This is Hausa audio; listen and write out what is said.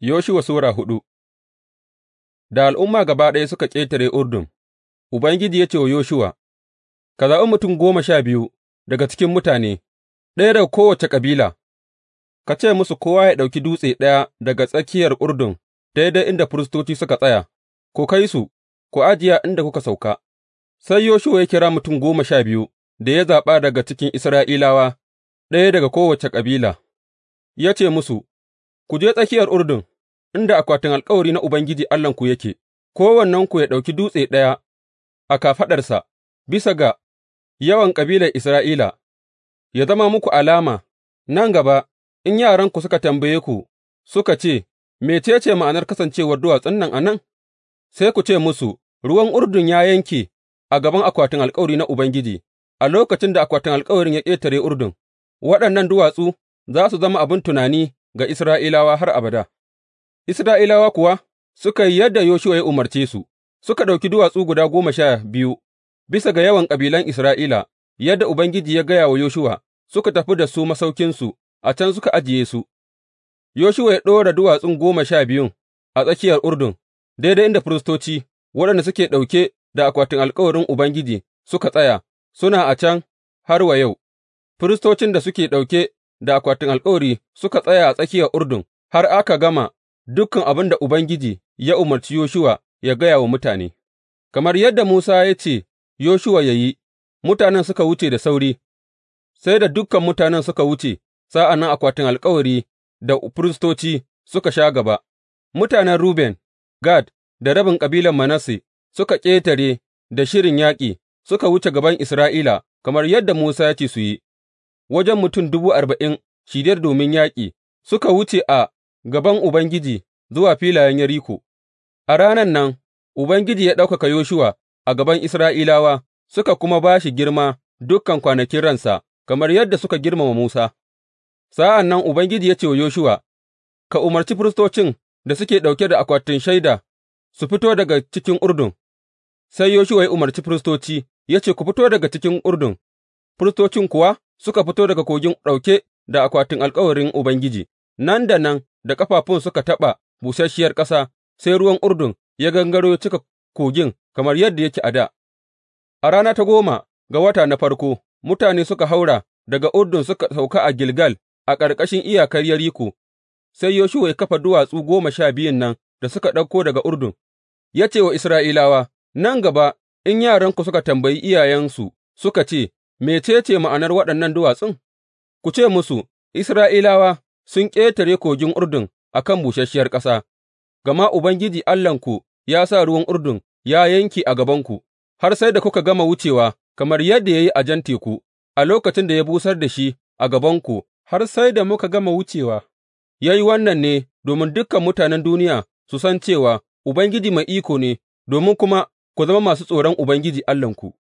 Yoshuwa Sura hudu Da al'umma gaba ɗaya suka ƙetare Urdun, Ubangiji ya ce wa Yoshuwa, Ka zaɓi mutum goma sha biyu daga cikin mutane, ɗaya daga kowace ƙabila. ka ce musu kowa ya ɗauki dutse ɗaya daga tsakiyar Urdun daidai inda firistoci suka tsaya, ku kai su, ku ajiya inda kuka sauka. Sai Yoshuwa ya kira mutum goma sha biyu da ya zaɓa daga cikin Isra'ilawa, ɗaya daga kowace ƙabila. ya ce musu, Ku je tsakiyar Urdun, inda akwatin alkawari na Ubangiji Allahnku yake, kowannenku ya ɗauki dutse ɗaya a kafaɗarsa, bisa ga yawan kabilar Isra'ila, Ya zama muku alama, nan gaba, in yaranku suka tambaye ku, suka ce, Mece ce ma'anar kasancewar duwatsun nan a nan? Sai ku ce musu, Ruwan Urdun ya yanke a gaban akwatin alkawari na Ubangiji, a lokacin da akwatin alkawarin ya ƙetare Urdun, waɗannan duwatsu za su zama abin tunani ga Isra'ilawa har abada, Isra'ilawa kuwa suka yi yadda Yoshuwa ya umarce su, suka ɗauki duwatsu guda goma sha biyu bisa ga yawan kabilan Isra'ila, yadda Ubangiji ya gaya wa Yoshuwa, suka tafi da su masaukinsu, a can suka ajiye su, Yoshuwa ya ɗora duwatsun goma sha biyun a tsakiyar Urdun, daidai inda firistoci waɗanda suke ɗauke da akwatin alkawarin Ubangiji suka tsaya, suna a can har wa yau, firistocin da suke ɗauke da akwatin alkawari suka tsaya a tsakiyar Urdun har aka gama dukan abin da Ubangiji ya umarci Yoshuwa ya gaya wa mutane, kamar yadda Musa ya ce Yoshuwa ya yi, mutanen suka wuce da sauri, sai da dukan mutanen suka wuce, sa'an nan akwatin alkawari da firistoci suka sha gaba, mutanen Ruben, Gad da rabin kabilan Manasse suka ƙetare da shirin yaƙi suka wuce gaban Isra'ila kamar yadda Musa ya ce su yi. wajen mutum dubu arba'in shirye domin yaƙi, suka wuce a gaban Ubangiji zuwa filayen Yeriko, a ranan nan Ubangiji ya ɗaukaka Yoshuwa a gaban Isra'ilawa, suka kuma ba shi girma dukkan kwanakin ransa, kamar yadda suka girmama Musa. Sa'an nan Ubangiji ya ce wa Yoshuwa, Ka umarci firistocin da suke ɗauke da akwatin shaida su fito daga cikin Urdun, sai Yoshuwa ya umarci firistoci, ya ce, Ku fito daga cikin Urdun, firistocin kuwa suka fito daga kogin ɗauke da akwatin alkawarin Ubangiji, nan da nan da ƙafafun suka taɓa busasshiyar ƙasa, sai ruwan Urdun ya gangaro ya cika kogin kamar yadda yake a da. A rana ta goma ga wata na farko, mutane suka haura daga Urdun suka sauka a Gilgal a ƙarƙashin iyakar Yeriko, sai Yoshuwa ya kafa duwatsu goma sha biyun nan da suka ɗauko daga Urdun, ya ce wa Isra'ilawa, Nan gaba, in yaranku suka tambayi iyayensu suka ce, Mece ce ma'anar waɗannan duwatsun, ku ce musu, Isra'ilawa sun ƙetare kogin Urdun a kan busasshiyar ƙasa, gama Ubangiji Allahnku ya sa ruwan Urdun ya yanke a gabanku, har sai da kuka gama wucewa, kamar yadda ya yi a Jan Teku, a lokacin da ya busar da shi a gabanku, har sai da muka gama wucewa. Ya yi wannan ne domin dukan mutanen duniya su san cewa Ubangiji mai iko ne, domin kuma ku zama masu tsoron Ubangiji Allahnku.